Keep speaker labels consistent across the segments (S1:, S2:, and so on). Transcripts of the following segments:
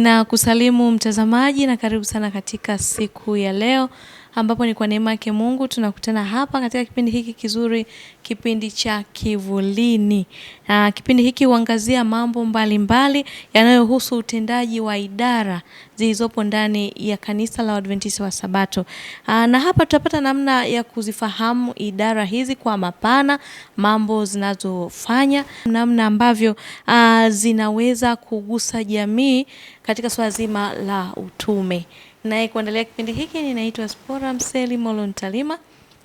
S1: Ninakusalimu mtazamaji na karibu sana katika siku ya leo ambapo ni kwa neema yake Mungu tunakutana hapa katika kipindi hiki kizuri, kipindi cha Kivulini. Na kipindi hiki huangazia mambo mbalimbali yanayohusu utendaji wa idara zilizopo ndani ya kanisa la Waadventista wa Sabato. Aa, ah, na hapa tutapata namna ya kuzifahamu idara hizi kwa mapana, mambo zinazofanya, namna ambavyo aa, ah, zinaweza kugusa jamii katika swala zima la utume naye kuandalia kipindi hiki ninaitwa Spora Mseli Molon Talima,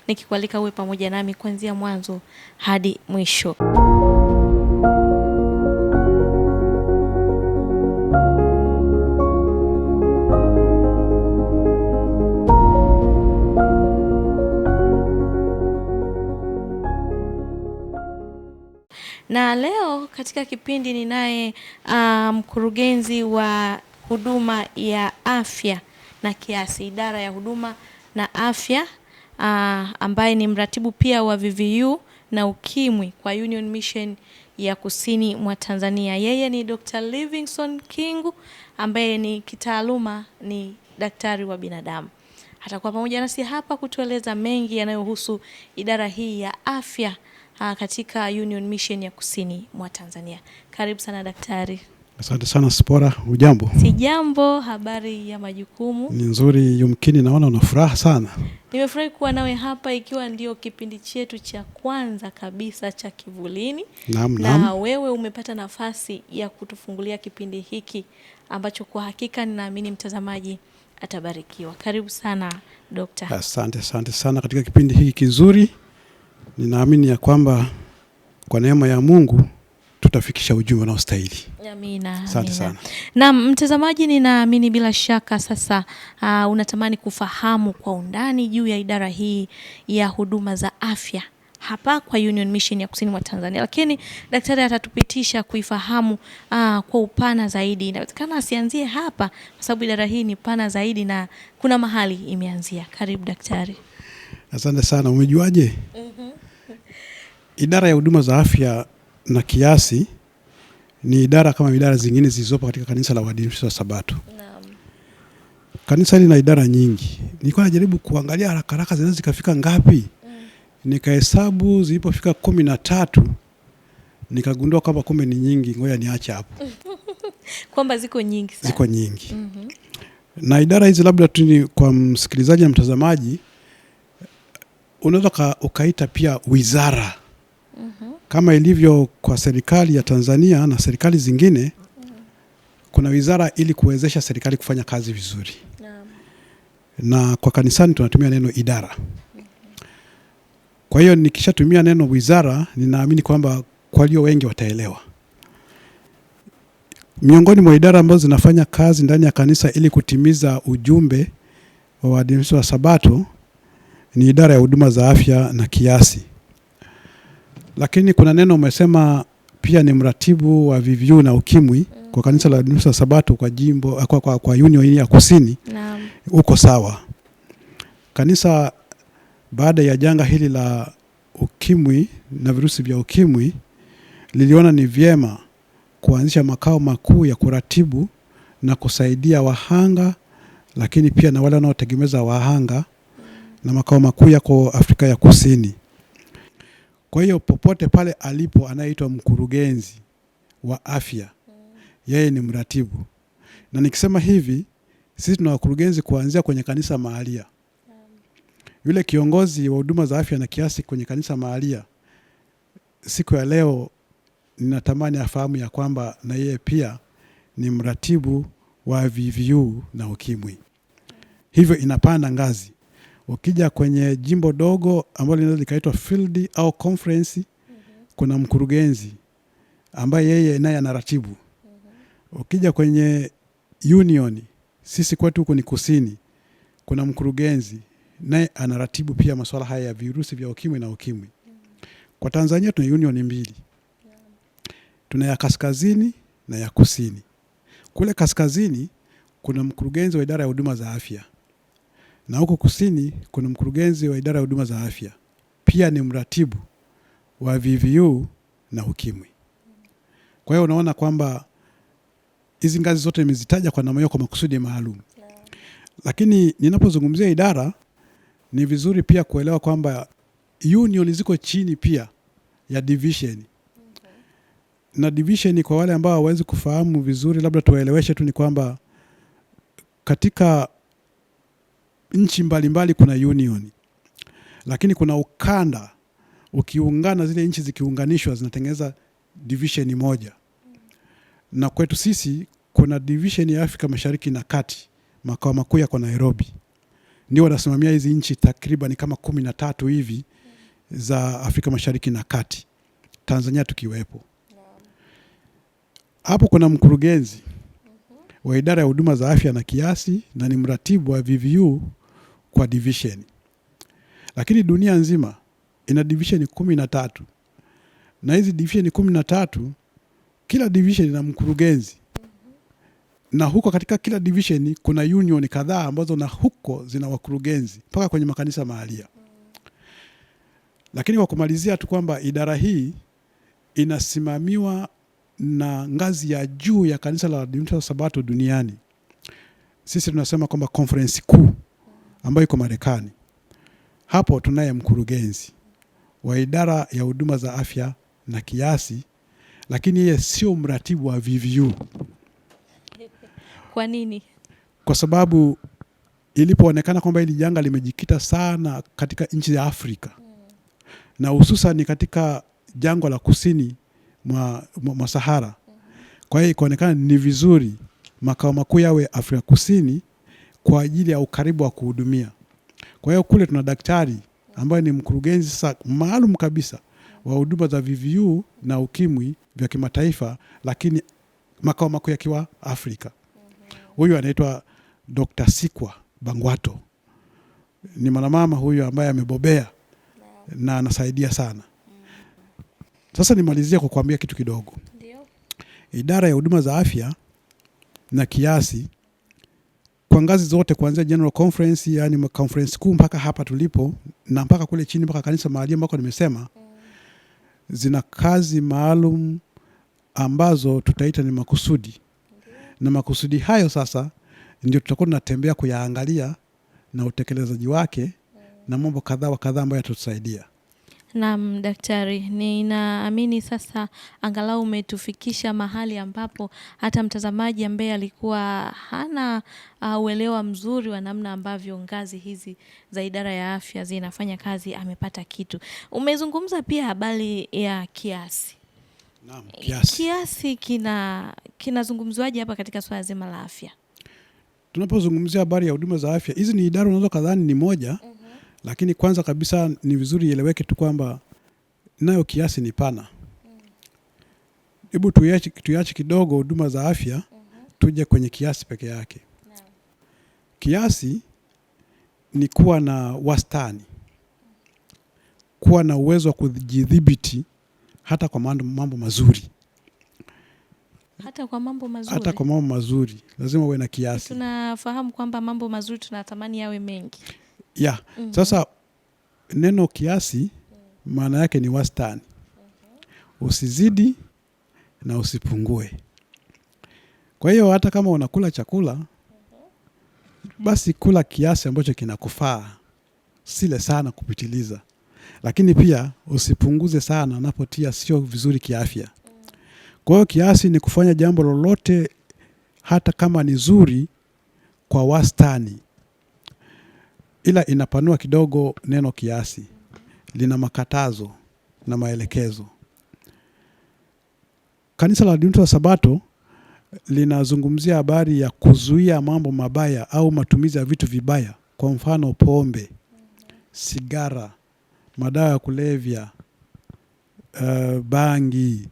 S1: nikikualika uwe pamoja nami kuanzia mwanzo hadi mwisho. Na leo katika kipindi ninaye uh, mkurugenzi wa huduma ya afya na kiasi, idara ya huduma na afya uh, ambaye ni mratibu pia wa VVU na ukimwi kwa Union Mission ya Kusini mwa Tanzania. Yeye ni Dr. Livingstone Kingu ambaye ni kitaaluma ni daktari wa binadamu. Atakuwa pamoja nasi hapa kutueleza mengi yanayohusu idara hii ya afya ah, katika Union Mission ya Kusini mwa Tanzania. Karibu sana daktari.
S2: Asante sana Spora, ujambo
S1: Si jambo Habari ya majukumu?
S2: Ni nzuri, yumkini naona una furaha sana.
S1: Nimefurahi kuwa nawe hapa, ikiwa ndio kipindi chetu cha kwanza kabisa cha Kivulini. Naam, naam. wewe umepata nafasi ya kutufungulia kipindi hiki ambacho kwa hakika ninaamini mtazamaji atabarikiwa. Karibu sana Dokta.
S2: Asante, asante sana katika kipindi hiki kizuri, ninaamini ya kwamba kwa neema ya Mungu tutafikisha ujumbe unaostahili. Amina. Asante sana.
S1: Na mtazamaji, ninaamini bila shaka sasa uh, unatamani kufahamu kwa undani juu ya idara hii ya huduma za afya hapa kwa Union Mission ya Kusini mwa Tanzania, lakini daktari atatupitisha kuifahamu uh, kwa upana zaidi. Inawezekana asianzie hapa kwa sababu idara hii ni pana zaidi na kuna mahali imeanzia. Karibu daktari.
S2: Asante sana. Umejuaje? mm -hmm. Idara ya huduma za afya na kiasi ni idara kama idara zingine zilizopo katika kanisa la Waadventista wa Sabato. Naam. Kanisa lina idara nyingi. Nilikuwa najaribu kuangalia haraka haraka zinaweza zikafika ngapi? Mm. Nikahesabu zilipofika kumi na tatu nikagundua kwamba kumbe ni nyingi, ngoja niache hapo.
S1: Kwamba ziko nyingi sana.
S2: Ziko nyingi. Mm -hmm. Na idara hizi labda tu ni kwa msikilizaji na mtazamaji unaweza ukaita pia wizara. Mm -hmm. Kama ilivyo kwa serikali ya Tanzania na serikali zingine, kuna wizara ili kuwezesha serikali kufanya kazi vizuri, na kwa kanisani tunatumia neno idara. Kwa hiyo nikishatumia neno wizara, ninaamini kwamba kwa walio wengi wataelewa. Miongoni mwa idara ambazo zinafanya kazi ndani ya kanisa ili kutimiza ujumbe wa Waadventista wa Sabato ni idara ya huduma za afya na kiasi lakini kuna neno umesema pia ni mratibu wa VVU na ukimwi mm. kwa kanisa la Nusa Sabato kwa jimbo eh, kwa, kwa, kwa union ya Kusini. Naam. Uko sawa. Kanisa baada ya janga hili la ukimwi na virusi vya ukimwi liliona ni vyema kuanzisha makao makuu ya kuratibu na kusaidia wahanga, lakini pia na wale wanaotegemeza wahanga, mm. na makao makuu yako Afrika ya Kusini. Kwa hiyo popote pale alipo anayeitwa mkurugenzi wa afya, yeye ni mratibu. Na nikisema hivi, sisi tuna wakurugenzi kuanzia kwenye kanisa mahalia. Yule kiongozi wa huduma za afya na kiasi kwenye kanisa mahalia, siku ya leo ninatamani afahamu ya kwamba na yeye pia ni mratibu wa VVU na UKIMWI, hivyo inapanda ngazi. Ukija kwenye jimbo dogo ambalo linaweza likaitwa field au conference mm -hmm. kuna mkurugenzi ambaye yeye naye anaratibu mm -hmm. Ukija kwenye union, sisi kwetu huko ni kusini, kuna mkurugenzi naye anaratibu pia masuala haya ya virusi vya ukimwi na ukimwi mm -hmm. Kwa Tanzania tuna union mbili yeah. Tuna ya kaskazini na ya kusini. Kule kaskazini kuna mkurugenzi wa idara ya huduma za afya na huko kusini kuna mkurugenzi wa idara ya huduma za afya, pia ni mratibu wa VVU na ukimwi. Kwa hiyo unaona kwamba hizi ngazi zote nimezitaja kwa namna hiyo, kwa makusudi maalum. Lakini ninapozungumzia idara, ni vizuri pia kuelewa kwamba union ziko chini pia ya division na division kwa wale ambao hawawezi kufahamu vizuri, labda tuwaeleweshe tu, ni kwamba katika nchi mbalimbali kuna union, lakini kuna ukanda. Ukiungana zile nchi zikiunganishwa zinatengeneza division moja, na kwetu sisi kuna division ya Afrika Mashariki na Kati, makao makuu yako Nairobi, ndio wanasimamia hizi nchi takriban kama kumi na tatu hivi za Afrika Mashariki na Kati, Tanzania tukiwepo hapo. Kuna mkurugenzi wa idara ya huduma za afya na kiasi na ni mratibu wa VVU kwa division, lakini dunia nzima ina division kumi na tatu na hizi division kumi na tatu kila division ina mkurugenzi na huko katika kila division kuna union kadhaa ambazo na huko zina wakurugenzi mpaka kwenye makanisa mahalia. Lakini kwa kumalizia tu kwamba idara hii inasimamiwa na ngazi ya juu ya kanisa la Waadventista wa Sabato duniani. Sisi tunasema kwamba conference kuu ambayo iko Marekani. Hapo tunaye mkurugenzi wa idara ya huduma za afya na kiasi, lakini yeye sio mratibu wa VVU. Kwa nini? Kwa sababu ilipoonekana kwamba hili janga limejikita sana katika nchi ya Afrika na hususan katika jangwa la kusini mwa, mwa Sahara. Kwa hiyo ikaonekana ni vizuri makao makuu yawe Afrika Kusini kwa ajili ya ukaribu wa kuhudumia. Kwa hiyo kule tuna daktari ambaye ni mkurugenzi sasa maalum kabisa wa huduma za VVU na ukimwi vya kimataifa, lakini makao makuu yakiwa Afrika. Huyu anaitwa Dr. Sikwa Bangwato, ni mwanamama huyu ambaye amebobea na anasaidia sana. Sasa nimalizie kwa kuambia kitu kidogo. Idara ya huduma za afya na kiasi kwa ngazi zote kuanzia general conference, yani conference kuu mpaka hapa tulipo na mpaka kule chini mpaka kanisa mahali ambako nimesema, zina kazi maalum ambazo tutaita ni makusudi, na makusudi hayo sasa ndio tutakuwa tunatembea kuyaangalia na utekelezaji wake na mambo kadhaa wa kadhaa ambayo yatatusaidia
S1: Naam daktari, ninaamini sasa angalau umetufikisha mahali ambapo hata mtazamaji ambaye alikuwa hana uh, uelewa mzuri wa namna ambavyo ngazi hizi za idara ya afya zinafanya kazi amepata kitu. Umezungumza pia habari ya kiasi.
S2: Naam, kiasi.
S1: Kiasi kina kinazungumzwaje hapa katika swala zima la afya?
S2: Tunapozungumzia habari ya huduma za afya, hizi ni idara unaweza kadhani ni moja. Mm -hmm. Lakini kwanza kabisa ni vizuri ieleweke tu kwamba nayo kiasi ni pana. Hebu tuiache kidogo huduma za afya, mhm. tuje kwenye kiasi peke yake. Kiasi ni kuwa na wastani, kuwa na uwezo wa kujidhibiti hata kwa mambo mazuri
S1: hata kwa mambo mazuri,
S2: hata kwa mambo mazuri lazima uwe na kiasi.
S1: Tunafahamu kwamba mambo mazuri tunatamani yawe mengi
S2: yeah. mm -hmm. Sasa neno kiasi maana yake ni wastani, mm-hmm. usizidi na usipungue. Kwa hiyo hata kama unakula chakula mm-hmm. basi kula kiasi ambacho kinakufaa, sile sana kupitiliza, lakini pia usipunguze sana unapotia, sio vizuri kiafya. Mm-hmm. Kwa hiyo kiasi ni kufanya jambo lolote hata kama ni zuri kwa wastani ila inapanua kidogo neno kiasi, lina makatazo na maelekezo. Kanisa la Waadventista wa Sabato linazungumzia habari ya kuzuia mambo mabaya au matumizi ya vitu vibaya, kwa mfano pombe, sigara, madawa ya kulevya, uh, bangi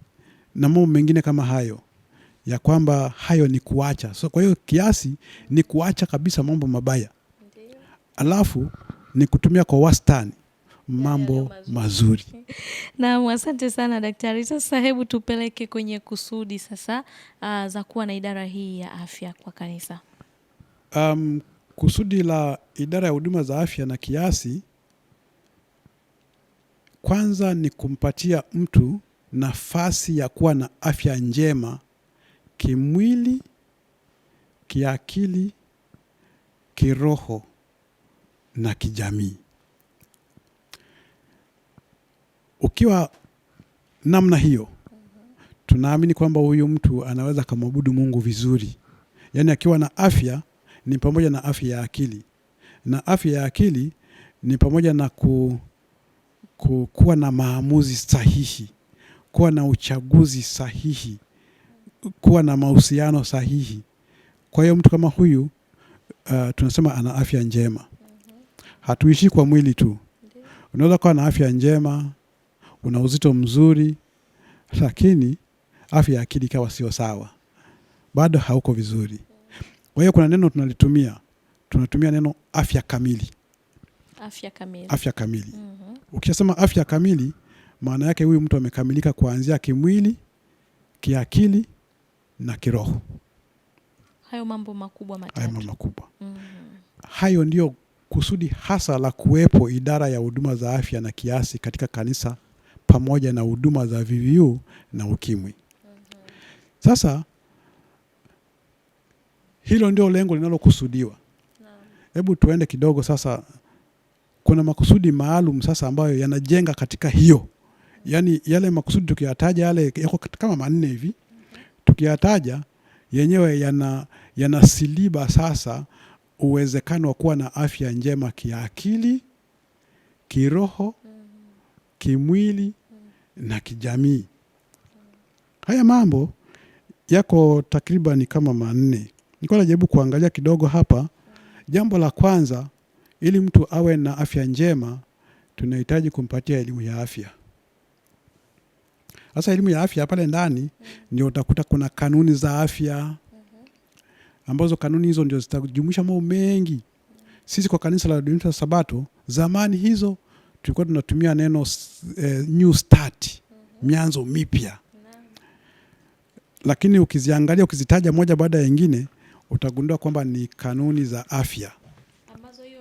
S2: na mambo mengine kama hayo, ya kwamba hayo ni kuacha. So kwa hiyo kiasi ni kuacha kabisa mambo mabaya alafu ni kutumia kwa wastani mambo mazuri.
S1: Naam, asante sana daktari. Sasa hebu tupeleke kwenye kusudi sasa, uh, za kuwa na idara hii ya afya kwa kanisa.
S2: Um, kusudi la idara ya huduma za afya na kiasi, kwanza ni kumpatia mtu nafasi ya kuwa na afya njema kimwili, kiakili, kiroho na kijamii. Ukiwa namna hiyo, tunaamini kwamba huyu mtu anaweza akamwabudu Mungu vizuri, yaani akiwa na afya ni pamoja na afya ya akili, na afya ya akili ni pamoja na ku, ku, kuwa na maamuzi sahihi, kuwa na uchaguzi sahihi, kuwa na mahusiano sahihi. Kwa hiyo mtu kama huyu uh, tunasema ana afya njema. Hatuishi kwa mwili tu. Unaweza kuwa na afya njema, una uzito mzuri, lakini afya ya akili ikawa sio sawa, bado hauko vizuri. Kwa hiyo kuna neno tunalitumia, tunatumia neno afya kamili.
S1: Afya kamili,
S2: afya kamili. Mm -hmm. Ukisema afya kamili, maana yake huyu mtu amekamilika kuanzia kimwili, kiakili na kiroho.
S1: Hayo mambo makubwa matatu.
S2: Hayo mambo makubwa. Mm -hmm. Hayo ndiyo Kusudi hasa la kuwepo idara ya huduma za afya na kiasi katika kanisa pamoja na huduma za VVU na ukimwi. Sasa hilo ndio lengo linalokusudiwa. Hebu tuende kidogo sasa, kuna makusudi maalum sasa ambayo yanajenga katika hiyo, yaani yale makusudi tukiyataja yale yako kama manne hivi, mm-hmm. tukiyataja yenyewe yana, yana siliba sasa uwezekano wa kuwa na afya njema kiakili, kiroho, kimwili na kijamii. Haya mambo yako takriban kama manne. Nilikuwa najaribu kuangalia kidogo hapa. Jambo la kwanza, ili mtu awe na afya njema, tunahitaji kumpatia elimu ya afya. Sasa elimu ya afya pale ndani ndio utakuta kuna kanuni za afya ambazo kanuni hizo ndio zitajumuisha mambo mengi. Sisi kwa kanisa la Waadventista wa Sabato zamani hizo tulikuwa tunatumia neno eh, new start, mianzo mhm. mipya, lakini ukiziangalia, ukizitaja moja baada ya nyingine utagundua kwamba ni kanuni za afya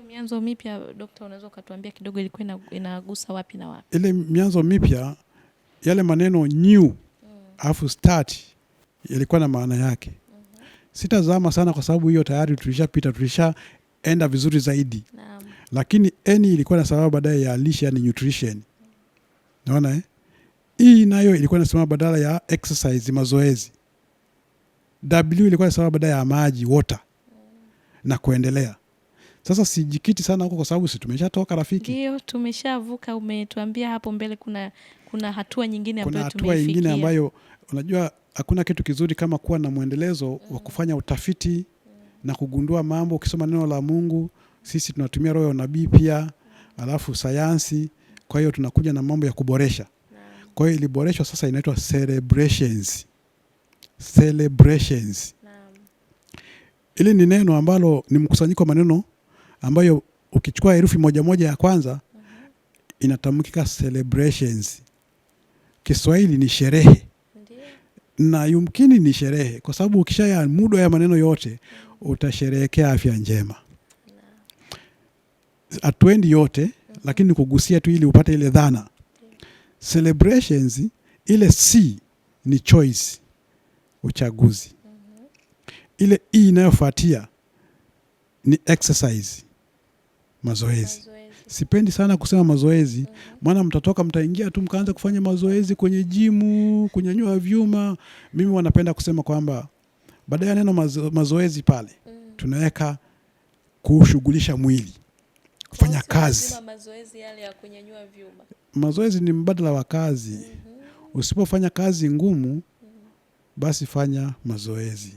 S1: mianzo mipya. Dokta, unaweza ukatuambia kidogo ilikuwa inagusa wapi na wapi
S2: ile mianzo mipya? Yale maneno new mm. afu start yalikuwa na maana yake sitazama sana kwa sababu hiyo tayari tulishapita, tulishaenda vizuri zaidi Naam. Lakini N ilikuwa na sababu baadaye ya lishe, yani nutrition, naona eh? E nayo ilikuwa inasimama badala ya exercise, mazoezi. W ilikuwa nasimama badala ya maji, water na kuendelea. Sasa sijikiti sana huko kwa sababu si tumeshatoka rafiki,
S1: ndio tumeshavuka. Umetuambia hapo mbele kuna kuna hatua nyingine ambayo tumeifikia, kuna hatua nyingine
S2: ambayo unajua hakuna kitu kizuri kama kuwa na mwendelezo wa mm. kufanya utafiti na kugundua mambo. Ukisoma neno la Mungu, sisi tunatumia roho ya unabii pia, alafu sayansi. Kwa hiyo tunakuja na mambo ya kuboresha. Kwa hiyo iliboreshwa, sasa inaitwa celebrations. Celebrations hili ni neno ambalo ni mkusanyiko wa maneno ambayo ukichukua herufi moja moja ya kwanza mm-hmm. inatamkika celebrations. Kiswahili ni sherehe na yumkini ni sherehe, kwa sababu muda ya maneno yote utasherehekea afya njema. Hatuendi yote, lakini kugusia tu ili upate ile dhana. Celebrations ile C ni choice, uchaguzi. Ile E inayofuatia ni exercise, mazoezi sipendi sana kusema mazoezi, maana mtatoka mtaingia tu mkaanza kufanya mazoezi kwenye jimu, kunyanyua vyuma. Mimi wanapenda kusema kwamba baadaye neno mazo, mazoezi pale mm. tunaweka kushughulisha mwili kufanya kazi.
S1: Mazoezi yale ya kunyanyua vyuma,
S2: mazoezi ni mbadala wa kazi. mm -hmm. Usipofanya kazi ngumu, mm -hmm. basi fanya mazoezi,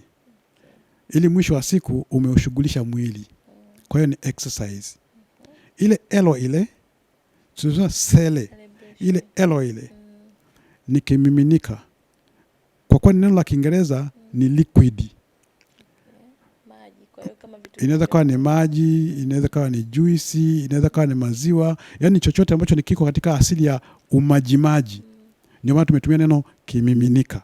S2: okay. ili mwisho wa siku umeushughulisha mwili. mm Kwa hiyo ni exercise ile elo ile tunasema sele ile elo ile ni kimiminika kwa kuwa ni neno la Kiingereza mm. ni liquidi inaweza kawa ni maji, inaweza kawa ni juisi, inaweza kawa ni maziwa, yaani chochote ambacho ni kiko katika asili ya umajimaji. Mm. Ndio maana tumetumia neno kimiminika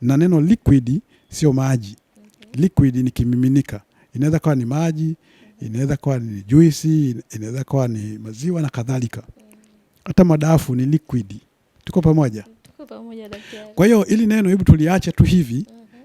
S2: na neno liquid sio maji. Okay. Mm-hmm. Liquid ni kimiminika, inaweza kawa ni maji. Mm inaweza kuwa ni juisi, inaweza kuwa ni maziwa na kadhalika, hata madafu ni liquid. Tuko pamoja?
S1: Tuko pamoja daktari.
S2: Kwa hiyo ili neno hebu tuliache tu hivi, mhm.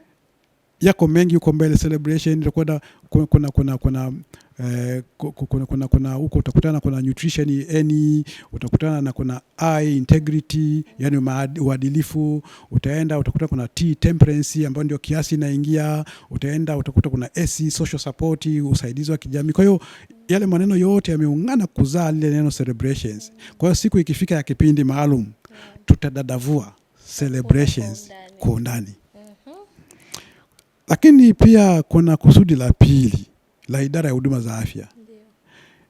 S2: yako mengi huko mbele celebration, kuna, kuna, kuna, kuna Eh, kuna, kuna, kuna huko utakutana kuna nutrition any, utakutana na kuna i integrity, yani uadilifu. Utaenda utakuta kuna T temperance, ambayo ndio kiasi inaingia. Utaenda utakuta kuna s social support, usaidizi wa kijamii. Kwa hiyo yale maneno yote yameungana kuzaa lile neno celebrations. Kwa hiyo siku ikifika ya kipindi maalum, tutadadavua celebrations kwa ndani mm-hmm. lakini pia kuna kusudi la pili la idara ya huduma za afya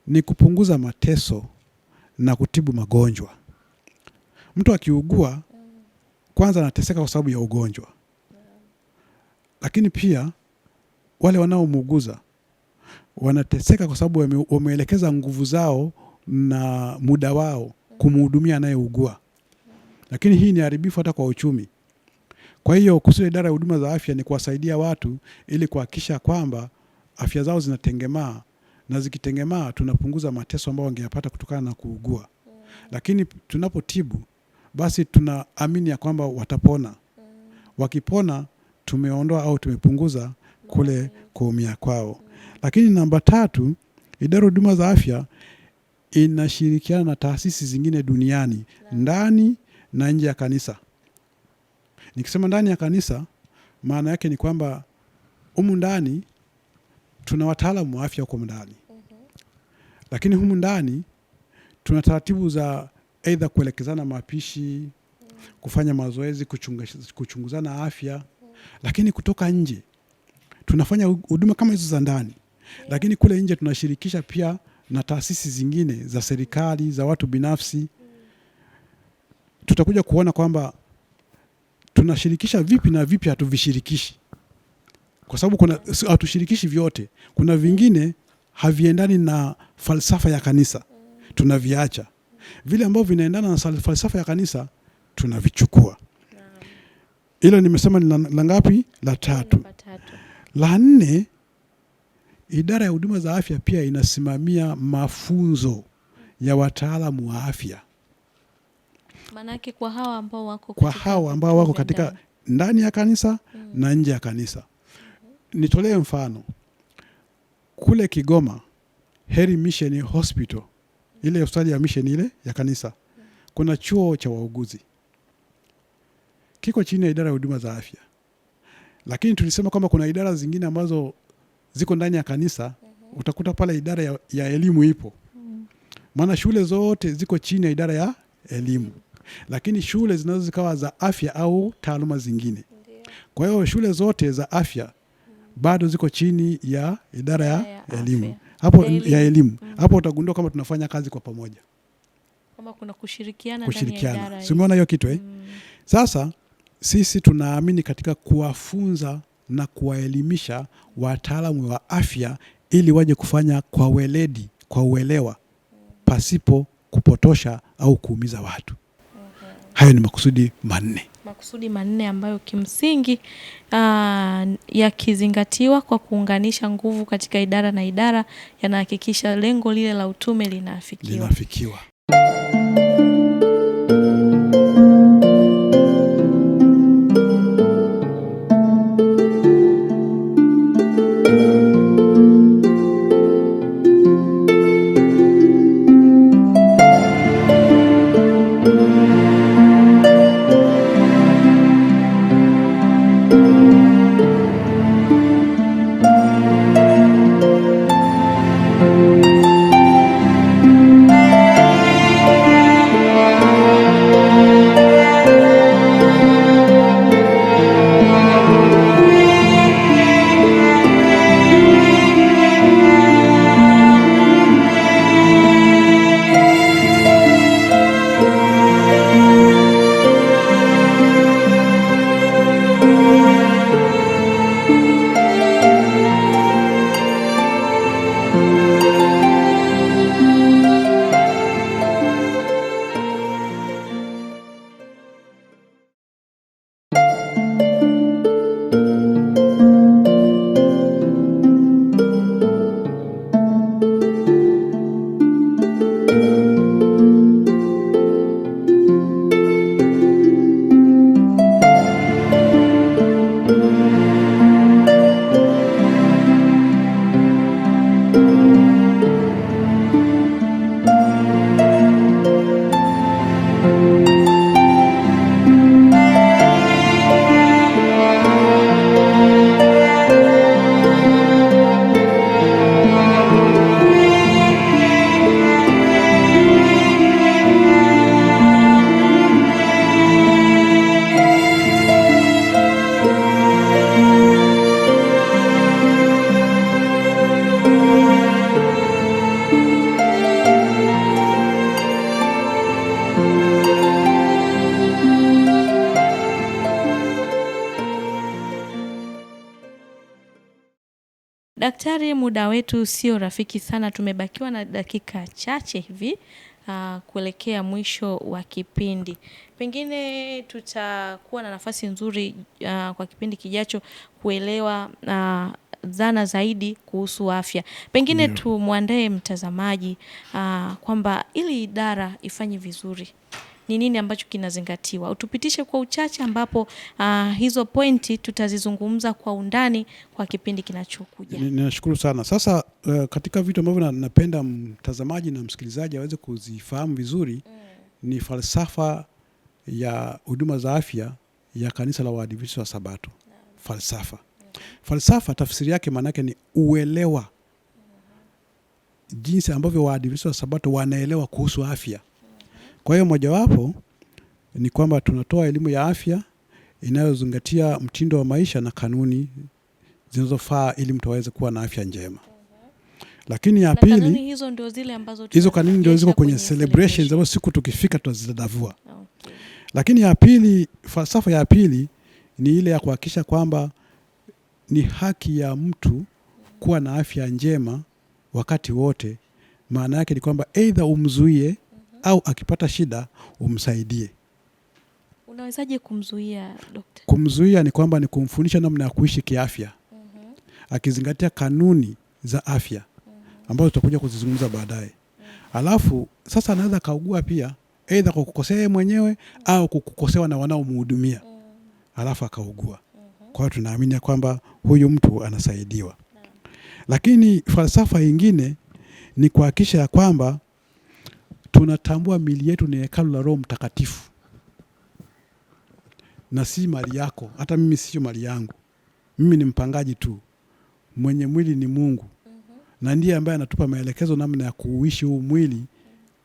S2: ni kupunguza mateso na kutibu magonjwa. Mtu akiugua kwanza anateseka kwa sababu ya ugonjwa, lakini pia wale wanaomuuguza wanateseka kwa sababu wameelekeza nguvu zao na muda wao kumhudumia anayeugua, lakini hii ni haribifu hata kwa uchumi. Kwa hiyo kusudi idara ya huduma za afya ni kuwasaidia watu ili kuhakikisha kwamba afya zao zinatengemaa, na zikitengemaa, tunapunguza mateso ambayo wangeyapata kutokana na kuugua. Lakini tunapotibu basi, tunaamini ya kwamba watapona. Wakipona tumeondoa au tumepunguza kule kuumia kwao. Lakini namba tatu, idara huduma za afya inashirikiana na taasisi zingine duniani ndani na nje ya kanisa. Nikisema ndani ya kanisa, maana yake ni kwamba humu ndani tuna wataalamu wa afya huko ndani mm -hmm. Lakini humu ndani tuna taratibu za aidha kuelekezana mapishi mm -hmm. kufanya mazoezi, kuchunguzana afya mm -hmm. Lakini kutoka nje tunafanya huduma kama hizo za ndani mm -hmm. Lakini kule nje tunashirikisha pia na taasisi zingine za serikali za watu binafsi mm -hmm. Tutakuja kuona kwamba tunashirikisha vipi na vipi hatuvishirikishi kwa sababu kuna hatushirikishi vyote. Kuna vingine haviendani na falsafa ya kanisa, tunaviacha. Vile ambavyo vinaendana na falsafa ya kanisa tunavichukua. Ila nimesema ni la ngapi? La tatu. La nne, idara ya huduma za afya pia inasimamia mafunzo ya wataalamu wa afya
S1: manake kwa hawa ambao wako
S2: katika, hawa ambao wako katika ndani ya kanisa mm, na nje ya kanisa. Nitolee mfano kule Kigoma, Heri Mission Hospital, ile hospitali ya mission ile ya kanisa, kuna chuo cha wauguzi kiko chini ya idara ya huduma za afya, lakini tulisema kwamba kuna idara zingine ambazo ziko ndani ya kanisa. Mhm. Utakuta pale idara ya, ya elimu ipo, mm. maana shule zote ziko chini ya idara ya elimu, lakini shule zinazo zikawa za afya au taaluma zingine. Kwa hiyo shule zote za afya bado ziko chini ya idara ya, elimu hapo ya elimu mm. hapo utagundua kama tunafanya kazi kwa pamoja,
S1: kama kuna kushirikiana, kushirikiana.
S2: Simeona hiyo kitu eh? Mm. Sasa sisi tunaamini katika kuwafunza na kuwaelimisha wataalamu wa afya ili waje kufanya kwa weledi, kwa uelewa pasipo kupotosha au kuumiza watu. Okay. Mm-hmm. Hayo ni makusudi manne
S1: makusudi manne ambayo kimsingi ah, yakizingatiwa kwa kuunganisha nguvu katika idara na idara yanahakikisha lengo lile la utume linafikiwa,
S2: linafikiwa. Thank you.
S1: Daktari, muda wetu sio rafiki sana, tumebakiwa na dakika chache hivi uh, kuelekea mwisho wa kipindi. Pengine tutakuwa na nafasi nzuri uh, kwa kipindi kijacho kuelewa uh, ah, dhana zaidi kuhusu afya. Pengine tumwandae mtazamaji uh, kwamba ili idara ifanye vizuri ni nini ambacho kinazingatiwa. Utupitishe kwa uchache, ambapo uh, hizo pointi tutazizungumza kwa undani kwa kipindi kinachokuja.
S2: Ninashukuru sana. Sasa uh, katika vitu ambavyo napenda mtazamaji na msikilizaji aweze kuzifahamu vizuri mm. ni falsafa ya huduma za afya ya Kanisa la Waadventista wa Sabato no. falsafa falsafa tafsiri yake maanake ni uelewa mm-hmm. jinsi ambavyo Waadventista wa Sabato wanaelewa kuhusu afya kwa hiyo mojawapo ni kwamba tunatoa elimu ya afya inayozingatia mtindo wa maisha na kanuni zinazofaa ili mtu aweze kuwa na afya njema. Lakini ya pili, kanuni hizo ndio zile ambazo hizo kanuni ndio ziko kwenye celebrations ambazo siku tukifika tutazidadavua. Okay. Lakini ya pili, falsafa ya pili ni ile ya kuhakikisha kwamba ni haki ya mtu kuwa na afya njema wakati wote. Maana yake ni kwamba aidha umzuie au akipata shida umsaidie.
S1: Unawezaje kumzuia dokta?
S2: Kumzuia ni kwamba ni kumfundisha namna ya kuishi kiafya mm-hmm. akizingatia kanuni za afya mm-hmm. ambazo tutakuja kuzizungumza baadaye mm-hmm. Alafu sasa anaweza kaugua pia, aidha kwa kukosea mwenyewe mm-hmm. au kukosewa na wanaomhudumia mm-hmm. alafu akaugua mm-hmm. kwa hiyo tunaamini ya kwamba huyu mtu anasaidiwa mm-hmm. Lakini falsafa nyingine ni kuhakikisha ya kwamba tunatambua mili yetu ni hekalu la Roho Mtakatifu na si mali yako. Hata mimi sio mali yangu, mimi ni mpangaji tu, mwenye mwili ni Mungu mhm. na ndiye ambaye anatupa maelekezo namna ya kuuishi huu mwili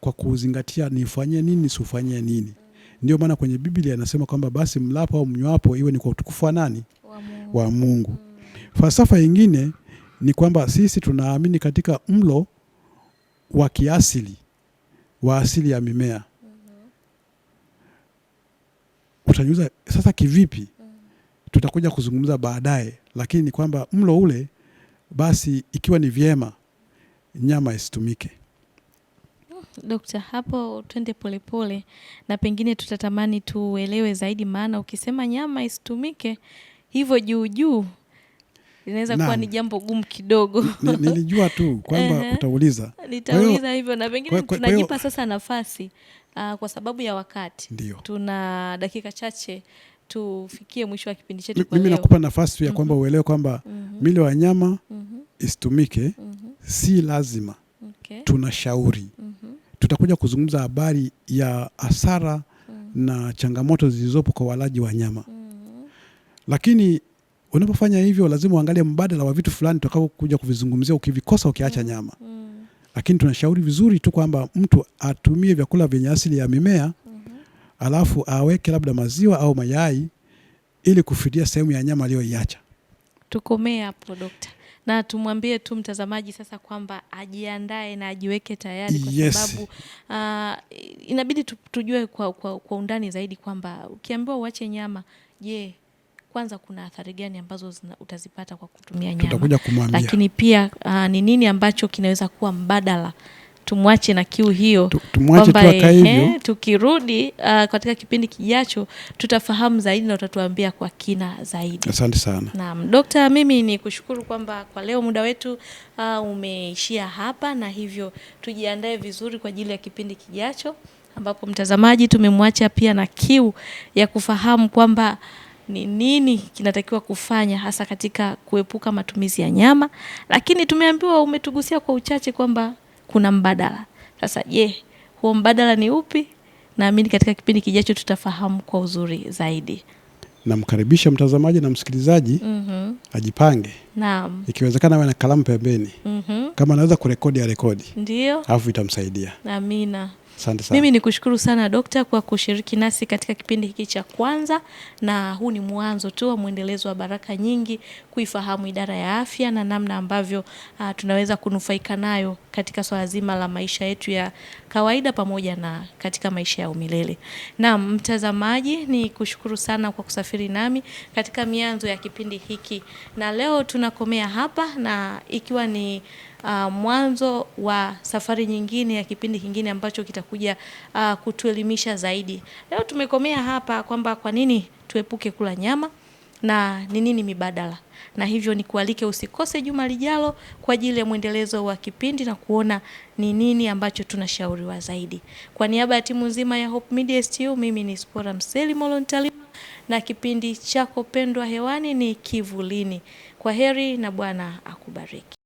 S2: kwa kuuzingatia, nifanyie nini, nisifanyie nini. Mhm. Ndio maana kwenye Biblia anasema kwamba basi mlapo au mnywapo iwe ni kwa utukufu wa nani? Wa Mungu, wa Mungu. Mm. Falsafa nyingine ni kwamba sisi tunaamini katika mlo wa kiasili wa asili ya mimea mm sasa kivipi? mm -hmm. Tutakuja kuzungumza baadaye, lakini ni kwamba mlo ule basi, ikiwa ni vyema nyama isitumike.
S1: Dokta, hapo twende polepole, na pengine tutatamani tuelewe zaidi, maana ukisema nyama isitumike hivyo juu juu linaweza kuwa ni jambo gumu kidogo.
S2: Nilijua tu kwamba utauliza,
S1: nitauliza hivyo, na pengine tunajipa sasa nafasi uh, kwa sababu ya wakati ndiyo. tuna dakika chache tufikie mwisho wa kipindi chetu. Mimi
S2: nakupa nafasi ya kwamba mhm. uelewe kwamba mm -hmm. milo ya nyama mm -hmm. isitumike mm -hmm. si lazima okay. tunashauri mm -hmm. tutakuja kuzungumza habari ya hasara mm -hmm. na changamoto zilizopo kwa walaji wa nyama mm -hmm. lakini Unapofanya hivyo, lazima uangalie mbadala wa vitu fulani kuja kuvizungumzia, ukivikosa ukiacha nyama mm. mm. Lakini tunashauri vizuri tu kwamba mtu atumie vyakula vyenye asili ya mimea mm -hmm. Alafu aweke labda maziwa au mayai ili kufidia sehemu ya nyama aliyoiacha.
S1: Tukomee hapo dokta, na tumwambie tu mtazamaji sasa kwamba ajiandae na ajiweke tayari kwa yes. sababu uh, inabidi tujue kwa, kwa, kwa undani zaidi kwamba ukiambiwa uache nyama, je, kwanza kuna athari gani ambazo zina, utazipata kwa kutumia
S2: nyama,
S1: lakini pia ah, ni nini ambacho kinaweza kuwa mbadala tumwache na kiu hiyo,
S2: kwamba eh,
S1: Tukirudi uh, katika kipindi kijacho tutafahamu zaidi na utatuambia kwa kina zaidi.
S2: Asante sana.
S1: Naam, dokta, mimi ni kushukuru kwamba kwa leo muda wetu uh, umeishia hapa, na hivyo tujiandae vizuri kwa ajili ya kipindi kijacho, ambapo mtazamaji tumemwacha pia na kiu ya kufahamu kwamba ni nini kinatakiwa kufanya hasa katika kuepuka matumizi ya nyama, lakini tumeambiwa, umetugusia kwa uchache kwamba kuna mbadala. Sasa je, huo mbadala ni upi? Naamini katika kipindi kijacho tutafahamu kwa uzuri zaidi.
S2: Namkaribisha mtazamaji na msikilizaji mm -hmm. ajipange. Naam. Ikiwezekana awe na kalamu pembeni mm -hmm. kama anaweza kurekodi, arekodi, ndio alafu itamsaidia.
S1: Amina. Asante sana. Mimi ni kushukuru sana dokta kwa kushiriki nasi katika kipindi hiki cha kwanza, na huu ni mwanzo tu wa mwendelezo wa Baraka Nyingi kuifahamu idara ya afya na namna ambavyo uh, tunaweza kunufaika nayo katika swala zima la maisha yetu ya kawaida pamoja na katika maisha ya umilele. Na mtazamaji, ni kushukuru sana kwa kusafiri nami katika mianzo ya kipindi hiki, na leo tunakomea hapa, na ikiwa ni uh, mwanzo wa safari nyingine ya kipindi kingine ambacho kitakuja uh, kutuelimisha zaidi. Leo tumekomea hapa kwamba kwa nini tuepuke kula nyama na ni nini mibadala na hivyo ni kualike usikose juma lijalo kwa ajili ya mwendelezo wa kipindi na kuona ni nini ambacho tunashauriwa zaidi. Kwa niaba ya timu nzima ya Hope Media STU, mimi ni Spora Mseli Molontalima na kipindi chako pendwa hewani ni Kivulini. Kwa heri na Bwana akubariki.